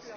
was